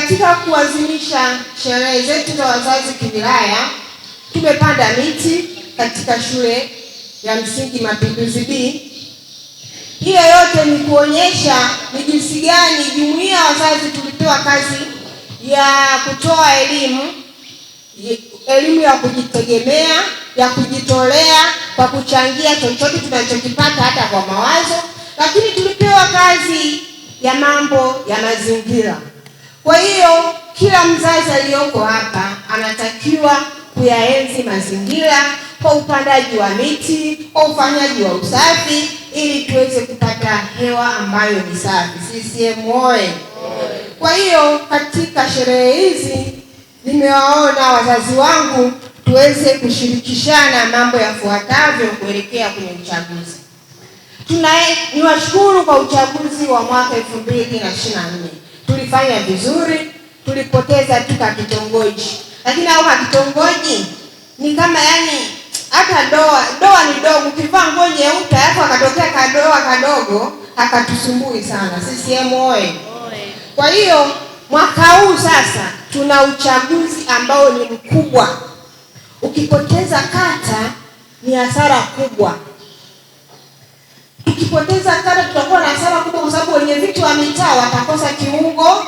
Katika kuadhimisha sherehe zetu za wazazi kiwilaya, tumepanda miti katika shule ya msingi Mapinduzi B. Hiyo yote ni kuonyesha ni jinsi gani jumuiya ya wazazi tulipewa kazi ya kutoa elimu, elimu ya kujitegemea, ya kujitolea kwa kuchangia chochote tunachokipata hata kwa mawazo, lakini tulipewa kazi ya mambo ya mazingira. Kwa hiyo kila mzazi aliyoko hapa anatakiwa kuyaenzi mazingira kwa upandaji wa miti, kwa ufanyaji wa usafi, ili tuweze kupata hewa ambayo ni safi. CCM oye! Kwa hiyo katika sherehe hizi nimewaona wazazi wangu tuweze kushirikishana mambo yafuatavyo kuelekea kwenye uchaguzi. Tuna niwashukuru kwa uchaguzi wa mwaka elfu mbili na ishirini na nne tulifanya vizuri, tulipoteza tu kitongoji, Lakini hao kitongoji ni kama yani hata doa doa ni dogo, ukivaa nguo nyeupe hapo akatokea kadoa kadogo akatusumbui sana sisi oye. Kwa hiyo mwaka huu sasa tuna uchaguzi ambao ni mkubwa. Ukipoteza kata ni hasara kubwa. Tukipoteza kada tutakuwa na hasara kubwa, kwa sababu wenye viti wa mitaa watakosa kiungo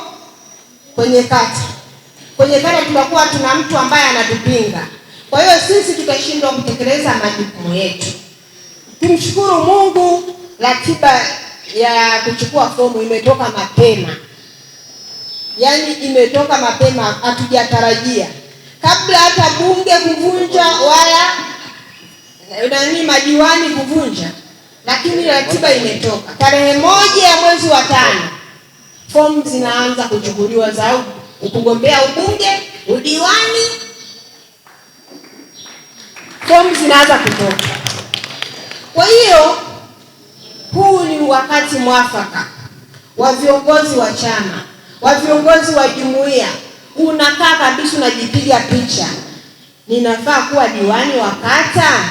kwenye kata. Kwenye kata tutakuwa tuna mtu ambaye anatupinga, kwa hiyo sisi tutashindwa kutekeleza majukumu yetu. Tumshukuru Mungu, ratiba ya kuchukua fomu imetoka mapema, yaani imetoka mapema, hatujatarajia kabla hata bunge kuvunja wala eh, nani, majiwani kuvunja lakini ratiba imetoka tarehe moja ya mwezi wa tano, fomu zinaanza kuchukuliwa za kugombea ubunge, udiwani, fomu zinaanza kutoka. Kwa hiyo huu ni wakati mwafaka wa viongozi wa chama, wa viongozi wa jumuiya, unakaa kabisa, unajipiga picha, ninafaa kuwa diwani wa kata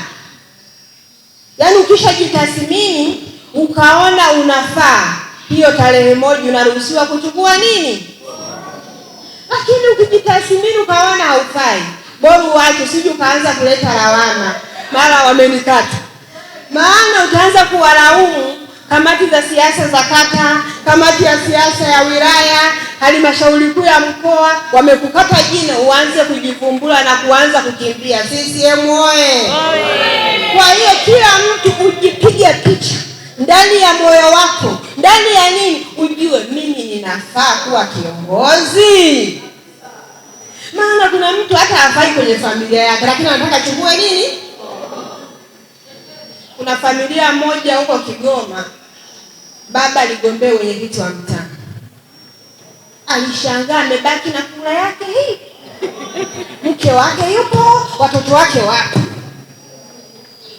Yaani ukishajitathmini ukaona unafaa, hiyo tarehe moja unaruhusiwa kuchukua nini. Lakini ukijitathmini ukaona haufai, bora uache, usije ukaanza kuleta lawama, mara wamenikata. Maana utaanza kuwalaumu kamati za siasa za kata, kamati ya siasa ya wilaya, halmashauri kuu ya mkoa, wamekukata jina, uanze kujivumbula na kuanza kukimbia. CCM oye! Kwa hiyo kila mtu ujipige picha ndani ya moyo wako, ndani ya nini, ujue mimi ninafaa kuwa kiongozi. Maana kuna mtu hata hafai kwenye familia yake, lakini anataka chukue nini. Kuna familia moja huko Kigoma, baba aligombea wenyeviti wa mtaa, alishangaa amebaki na kura yake hii mke wake yupo, watoto wake wapo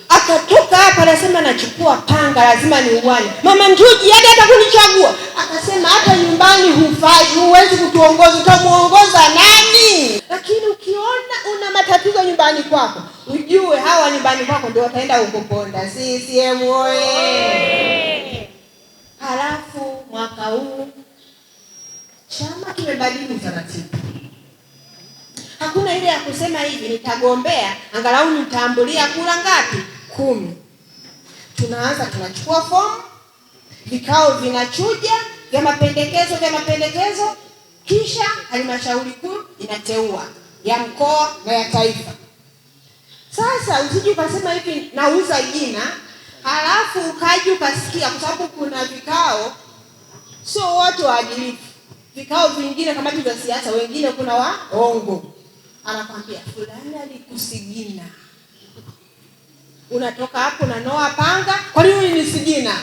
akatoka hapa anasema nachukua panga, lazima niuane mama Njuji. Yaani Hadi hata kunichagua akasema hata nyumbani hufai, huwezi kutuongoza, utamuongoza nani? Lakini ukiona una matatizo nyumbani kwako, ujue hawa nyumbani kwako ndio wataenda ukuponda. CCM oye! Halafu mwaka huu chama kimebadili utaratibu Hakuna ile ya kusema hivi nitagombea angalau nitambulia kura ngapi kumi tunaanza tunachukua fomu, vikao vinachuja vya mapendekezo vya mapendekezo, kisha halmashauri kuu inateua ya mkoa na ya taifa. Sasa usiji ukasema hivi nauza jina halafu ukaji ukasikia, kwa sababu kuna vikao sio wote waadilifu, vikao vingine kamati za siasa, wengine kuna waongo, anakwambia fulani alikusigina Unatoka hapo unanoa panga. Kwa nini ni sijina?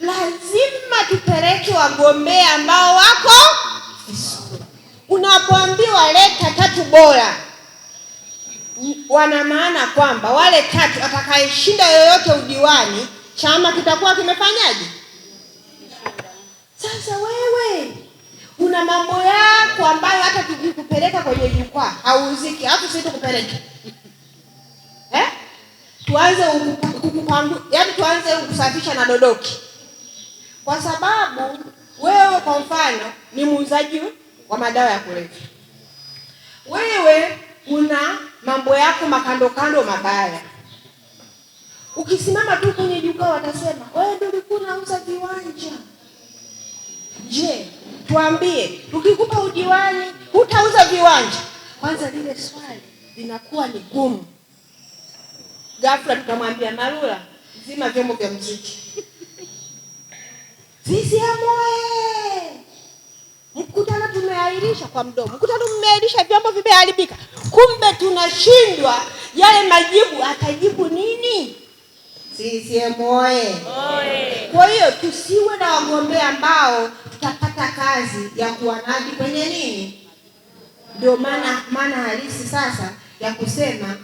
Lazima tupeleke wagombea ambao wako unapoambiwa leta tatu bora, wana maana kwamba wale tatu, atakayeshinda yoyote udiwani, chama kitakuwa kimefanyaje? Sasa wewe una mambo yako ambayo hata tukikupeleka kwenye jukwaa hauziki, alafu si tukupeleke eh? tuanze kukupandu, yani tuanze kusafisha na dodoki, kwa sababu wewe kwa mfano ni muuzaji wa madawa ya kulevya, wewe una mambo yako makando kando mabaya. Ukisimama tu kwenye jukwaa, watasema wewe ndio ulikuwa unauza viwanja. Je, tuambie, tukikupa udiwani hutauza viwanja? Kwanza lile swali linakuwa ni gumu ghafla tukamwambia marula zima vyombo vya mziki Sisi amoe Mkutano tumeahirisha kwa mdomo, mkutano mmeahirisha, vyombo vimeharibika. Kumbe tunashindwa yale majibu, atajibu nini? CCM oye! Kwa hiyo tusiwe na wagombea ambao tutapata kazi ya kuwanadi kwenye nini. Ndio maana maana halisi sasa ya kusema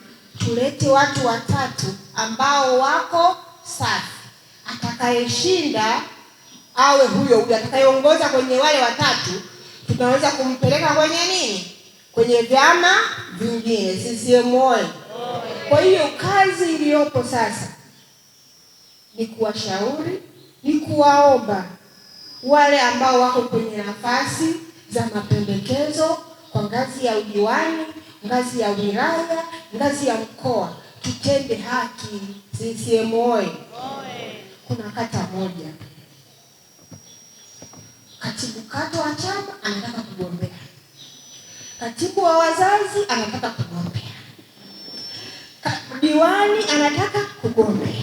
tulete watu watatu ambao wako safi. Atakayeshinda awe huyo huyo, atakayeongoza kwenye wale watatu, tunaweza kumpeleka kwenye nini, kwenye vyama vingine. CCM Kwa hiyo kazi iliyopo sasa ni kuwashauri, ni kuwaomba wale ambao wako kwenye nafasi za mapendekezo kwa ngazi ya udiwani ngazi ya wilaya, ngazi ya mkoa, tutende haki. CCM oye! Kuna kata moja katibu kata wa chama anataka kugombea, katibu wa wazazi anataka kugombea, diwani anataka kugombea.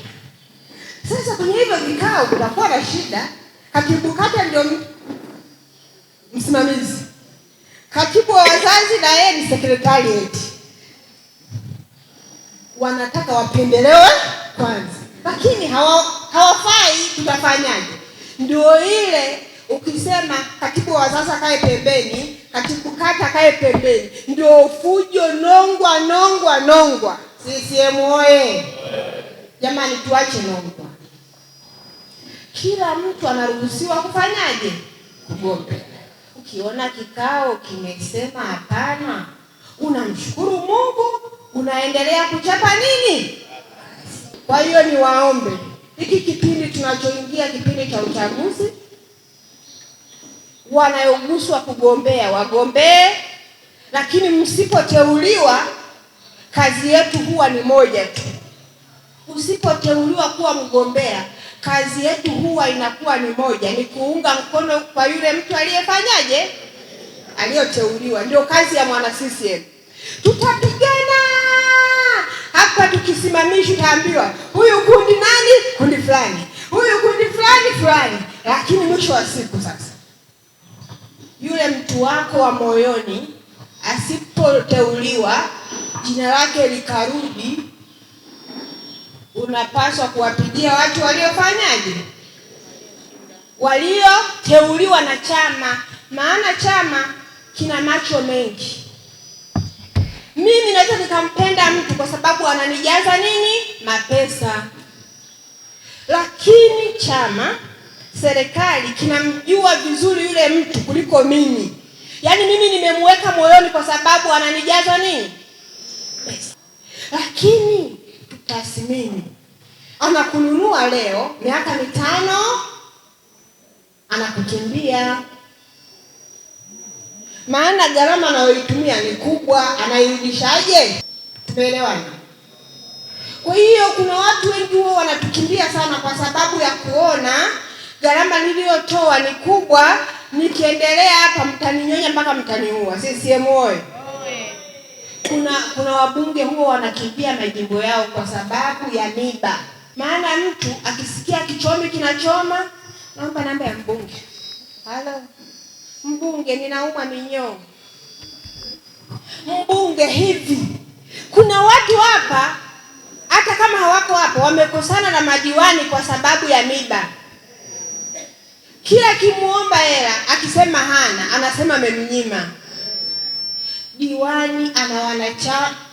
Sasa kwenye hivyo vikao kunakuwa na shida. Katibu kata ndio msimamizi katibu wa wazazi na yeye ni secretariat, wanataka wapendelewe kwanza, lakini hawa, hawafai. Tutafanyaje? Ndio ile ukisema katibu wa wazazi kae pembeni, katibu kata kae pembeni, ndio fujo, nongwa nongwa nongwa. sisiemu oye! Jamani, tuache nongwa, kila mtu anaruhusiwa kufanyaje? Kugombea ukiona kikao kimesema hapana, unamshukuru Mungu, unaendelea kuchapa nini? Kwa hiyo niwaombe, hiki kipindi tunachoingia, kipindi cha uchaguzi, wanayoguswa kugombea wagombee, lakini msipoteuliwa, kazi yetu huwa ni moja tu. Usipoteuliwa kuwa mgombea kazi yetu huwa inakuwa ni moja, ni kuunga mkono kwa yule mtu aliyefanyaje, aliyoteuliwa. Ndio kazi ya mwana CCM. Tutapigana hapa, tukisimamishi tutaambiwa huyu kundi nani, kundi fulani, huyu kundi fulani fulani, lakini mwisho wa siku sasa yule mtu wako wa moyoni asipoteuliwa, jina lake likarudi tunapaswa kuwapigia watu waliofanyaje, walioteuliwa na chama, maana chama kina macho mengi. Mimi naweza nikampenda mtu kwa sababu ananijaza nini, mapesa, lakini chama, serikali kinamjua vizuri yule mtu kuliko mimi. Yaani mimi nimemweka moyoni kwa sababu ananijaza nini, pesa, lakini tutasimini anakununua leo, miaka mitano anakukimbia. Maana gharama anayoitumia ni kubwa, anairudishaje? Tumeelewana? Kwa hiyo kuna watu wengi huo wanatukimbia sana, kwa sababu ya kuona gharama niliyotoa ni kubwa, nikiendelea hapa mtaninyonya mpaka mtaniua. CCM oyee! Kuna kuna wabunge huo wanakimbia majimbo yao kwa sababu ya niba. Maana mtu akisikia kichomi kinachoma, naomba namba ya mbunge. Halo mbunge, ninaumwa minyoo. Mbunge, hivi kuna watu hapa hata kama hawako hapa wamekosana na madiwani kwa sababu ya miba. Kila kimuomba hela akisema hana, anasema amemnyima diwani.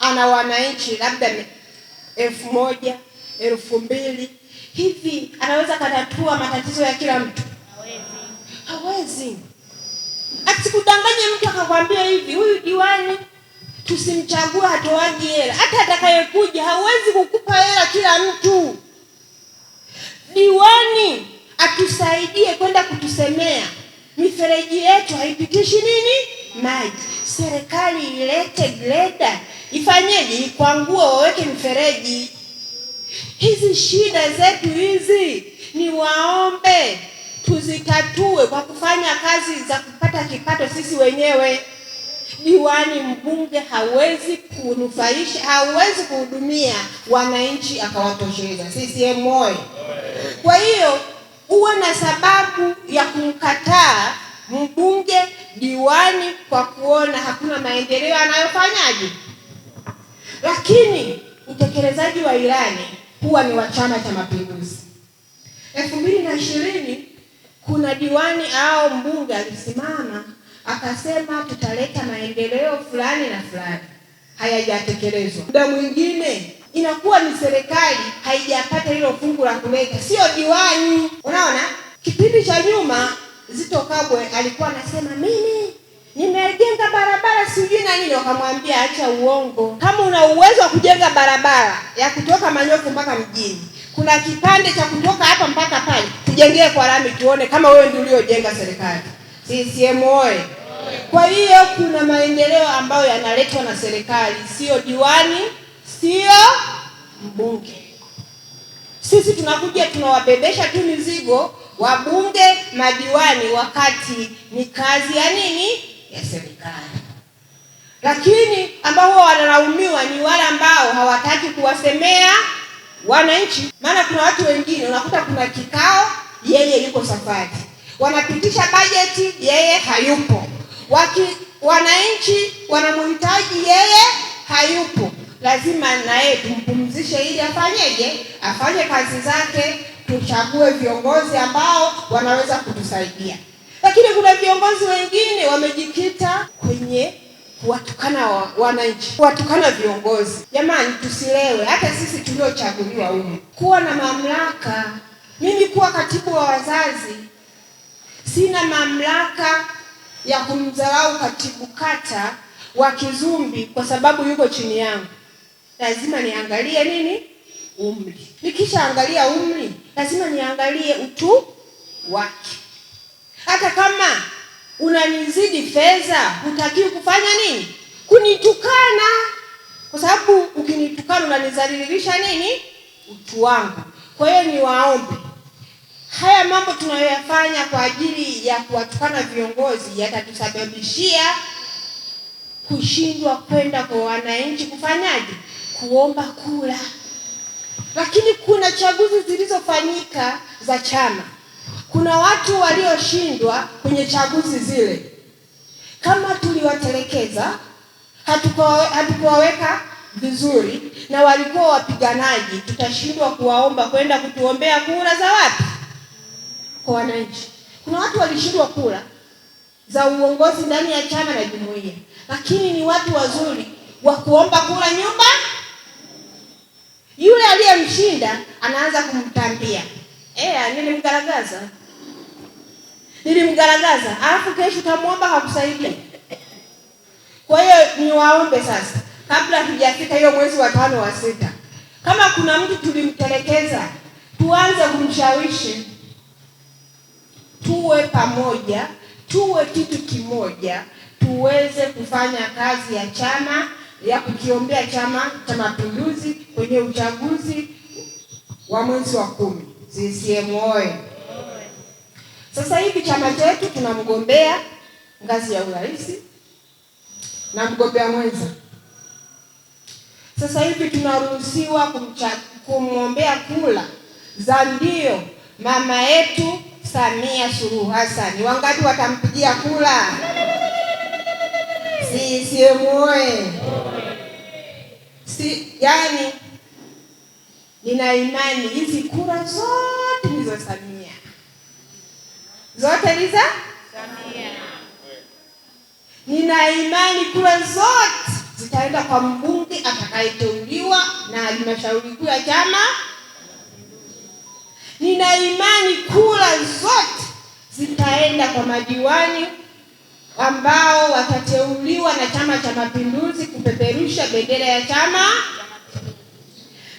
Ana wananchi labda elfu moja elfu mbili hivi, anaweza katatua matatizo ya kila mtu? Hawezi. Asikudanganye mtu akakwambia hivi, huyu diwani tusimchagua hatoaji hela. Hata atakayekuja hawezi kukupa hela kila mtu. Diwani atusaidie kwenda kutusemea mifereji yetu haipitishi nini maji. Serikali ilete greda, ifanyeje? Ikwangue, waweke mifereji hizi shida zetu hizi ni waombe tuzitatue kwa kufanya kazi za kupata kipato sisi wenyewe. Diwani, mbunge hawezi kunufaisha, hawezi kuhudumia wananchi akawatosheleza. CCM oyee! Kwa hiyo uwe na sababu ya kumkataa mbunge, diwani kwa kuona hakuna maendeleo anayofanyaje, lakini utekelezaji wa ilani kuwa ni wa Chama cha Mapinduzi. elfu mbili na ishirini kuna diwani au mbunge alisimama akasema tutaleta maendeleo fulani na fulani, hayajatekelezwa. Muda mwingine inakuwa ni serikali haijapata hilo fungu la kuleta, sio diwani. Unaona, kipindi cha nyuma zitokabwe Kabwe alikuwa anasema mimi nimejenga barabara sijui na nini. Wakamwambia acha uongo, kama una uwezo wa kujenga barabara ya kutoka Manyofu mpaka mjini, kuna kipande cha kutoka hapa mpaka pale, tujengee kwa lami, tuone kama wewe ndio uliojenga serikali. CCM oye! Kwa hiyo kuna maendeleo ambayo yanaletwa na serikali, sio diwani, sio mbunge. Sisi tunakuja tunawabebesha tu mizigo wabunge, madiwani, wakati ni kazi ya nini? ya serikali, lakini ambao wanalaumiwa ni wale ambao hawataki kuwasemea wananchi. Maana kuna watu wengine unakuta kuna kikao, yeye yuko safari, wanapitisha bajeti, yeye hayupo, waki wananchi wanamhitaji, yeye hayupo. Lazima yeye tumpumzishe ili afanyeje? Afanye kazi zake, tuchague viongozi ambao wanaweza kutusaidia. Lakini kuna viongozi wengine wamejikita kwenye kuwatukana wa, wananchi, kuwatukana viongozi. Jamani, tusilewe, hata sisi tuliochaguliwa humu kuwa na mamlaka. Mimi kuwa katibu wa wazazi sina mamlaka ya kumdharau katibu kata wa Kizumbi kwa sababu yuko chini yangu. Lazima niangalie nini? Umri. Nikishaangalia umri, lazima niangalie utu wake. Hata kama unanizidi fedha, hutakiwi kufanya nini? Kunitukana, kwa sababu ukinitukana unanizalilisha nini? Utu wangu. Kwa hiyo niwaombe, haya mambo tunayoyafanya kwa ajili ya kuwatukana viongozi yatatusababishia kushindwa kwenda kwa wananchi kufanyaje, kuomba kura. Lakini kuna chaguzi zilizofanyika za chama kuna watu walioshindwa kwenye chaguzi zile, kama tuliwatelekeza, hatukuwaweka vizuri na walikuwa wapiganaji, tutashindwa kuwaomba kwenda kutuombea kura za wapi? Kwa wananchi. Kuna watu walishindwa kura za uongozi ndani ya chama na jumuiya, lakini ni watu wazuri wa kuomba kura nyumba. Yule aliyemshinda anaanza kumtambia, eh, nilimgaragaza nilimgaragaza, alafu kesho tamwomba hakusaidia. Kwa hiyo niwaombe sasa, kabla hatujafika hiyo mwezi wa tano wa sita, kama kuna mtu tulimtelekeza, tuanze kumshawishi tuwe pamoja, tuwe kitu kimoja, tuweze kufanya kazi ya chama ya kukiombea Chama cha Mapinduzi kwenye uchaguzi wa mwezi wa kumi. CCM sasa hivi chama chetu tuna mgombea ngazi ya urais na mgombea mwenza. Sasa hivi tunaruhusiwa kumwombea kula za ndio mama yetu Samia Suluhu Hassan. Wangapi watampigia kula? CCM oye! Si yani, nina imani hizi kura zote ni za Samia zote ni za Samia. Nina imani kura zote zitaenda kwa mbunge atakayeteuliwa na halmashauri kuu ya Chama. Nina imani kura zote zitaenda kwa madiwani ambao watateuliwa na Chama cha Mapinduzi kupeperusha bendera ya chama.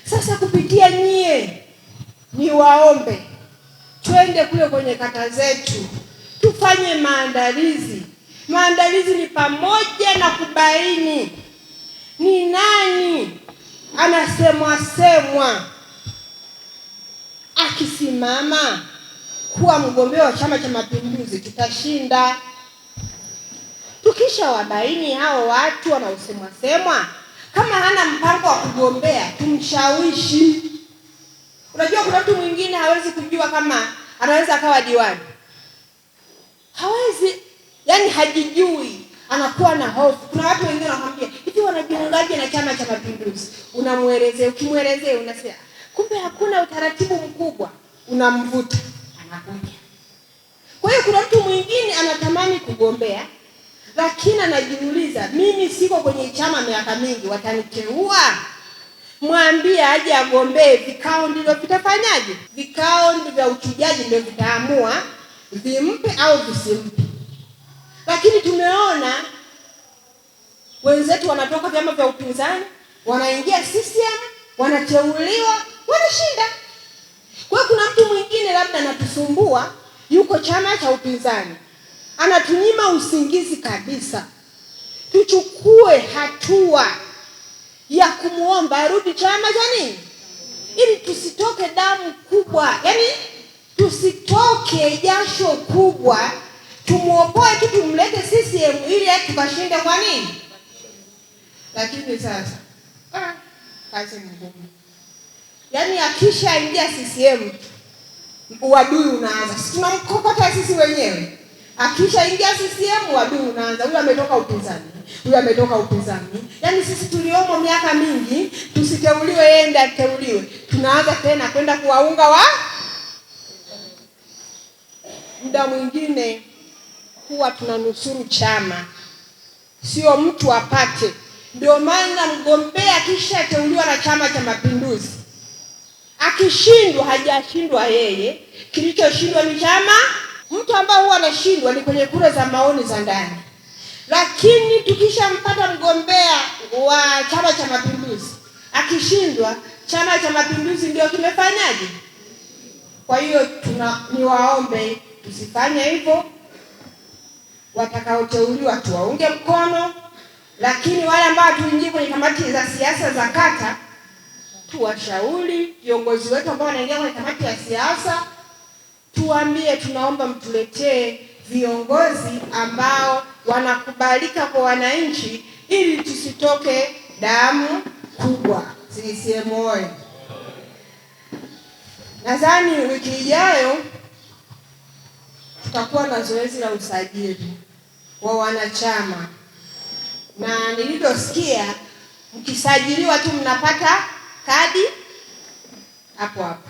Sasa kupitia nyie, niwaombe twende kule kwenye kata zetu tufanye maandalizi. Maandalizi ni pamoja na kubaini ni nani anasemwa semwa akisimama kuwa mgombea wa Chama cha Mapinduzi tutashinda. Tukisha wabaini hao watu wanaosemwa semwa, kama hana mpango wa kugombea, tumshawishi mwingine hawezi kujua kama anaweza akawa diwani, hawezi yani, hajijui, anakuwa na hofu. Kuna watu wengine wanakwambia hivi, wanajiungaje na Chama cha Mapinduzi? Unamwelezea, ukimwelezea unasema kumbe hakuna utaratibu mkubwa, unamvuta anakuja. Kwa hiyo kuna mtu mwingine anatamani kugombea lakini anajiuliza, mimi siko kwenye chama miaka mingi, wataniteua mwambie aje agombee. Vikao ndivyo vitafanyaje, vikao vya uchujaji ndio vitaamua vimpe au visimpe. Lakini tumeona wenzetu wanatoka vyama vya upinzani wanaingia CCM, wanateuliwa, wanashinda. Kwa hiyo kuna mtu mwingine labda anatusumbua, yuko chama cha upinzani, anatunyima usingizi kabisa. Tuchukue hatua ya kumwomba arudi chama cha nini, ili tusitoke damu kubwa, yaani tusitoke jasho kubwa, tumwopoe tu tumlete CCM ili tukashinde. Kwa nini? Lakini sasa ah, ni ngumu. Yaani akishaingia CCM uadui unaanza, tunamkokota sisi wenyewe Akishaingia CCM wadu unaanza, huyu ametoka upinzani, huyu ametoka upinzani. Yaani sisi tuliomo miaka mingi, tusiteuliwe yeye ndiye ateuliwe, tunaanza tena kwenda kuwaunga wa muda mwingine huwa tunanusuru chama, sio mtu apate. Ndio maana mgombea akishateuliwa na Chama cha Mapinduzi akishindwa, hajashindwa yeye, kilichoshindwa ni chama Mtu ambaye huwa anashindwa ni kwenye kura za maoni za ndani, lakini tukishampata mgombea wa Chama cha Mapinduzi akishindwa, Chama cha Mapinduzi ndio kimefanyaje? Kwa hiyo tuna niwaombe tusifanye hivyo. Watakaoteuliwa tuwaunge mkono, lakini wale ambao hatuingie kwenye kamati za siasa za kata tuwashauri viongozi wetu ambao wanaingia kwenye kamati ya siasa tuambie, tunaomba mtuletee viongozi ambao wanakubalika kwa wananchi, ili tusitoke damu kubwa. CCM Nadhani wiki ijayo tutakuwa na zoezi la usajili wa wanachama, na nilivyosikia mkisajiliwa tu mnapata kadi hapo hapo.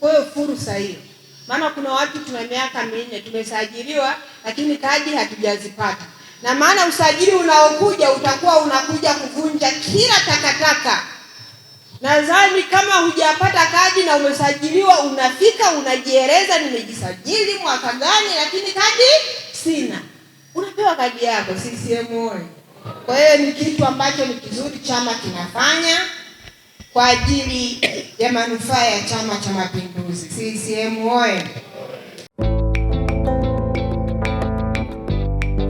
Kwa hiyo fursa hiyo maana kuna watu tuna miaka minne tumesajiliwa, lakini kadi hatujazipata. Na maana usajili unaokuja utakuwa unakuja kuvunja kila takataka. Nadhani kama hujapata kadi na umesajiliwa, unafika unajieleza, nimejisajili mwaka gani, lakini kadi sina, unapewa kadi yako CCM. Kwa hiyo ni kitu ambacho ni kizuri, chama kinafanya kwa ajili ya manufaa ya Chama cha Mapinduzi. CCM oye!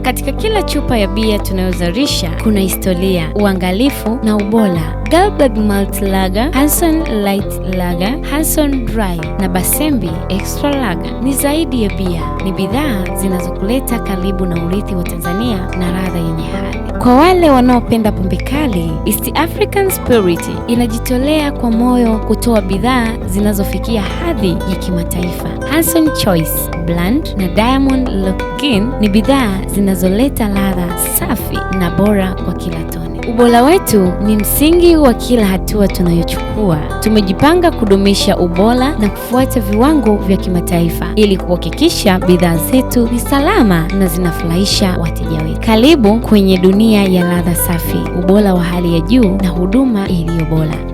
Katika kila chupa ya bia tunayozalisha kuna historia, uangalifu na ubora. Galberg Malt Lager, Hanson Light Lager, Hanson Dry na Basembi Extra Lager ni zaidi ya bia, ni bidhaa zinazokuleta karibu na urithi wa Tanzania na ladha yenye hadhi. Kwa wale wanaopenda pombe kali, East African Spirit inajitolea kwa moyo kutoa bidhaa zinazofikia hadhi ya kimataifa. Hanson Choice Blend na Diamond Lockin ni bidhaa zinazoleta ladha safi na bora kwa kila tone. Ubora wetu ni msingi wa kila hatua tunayochukua. Tumejipanga kudumisha ubora na kufuata viwango vya kimataifa ili kuhakikisha bidhaa zetu ni salama na zinafurahisha wateja wetu. Karibu kwenye dunia ya ladha safi, ubora wa hali ya juu na huduma iliyo bora.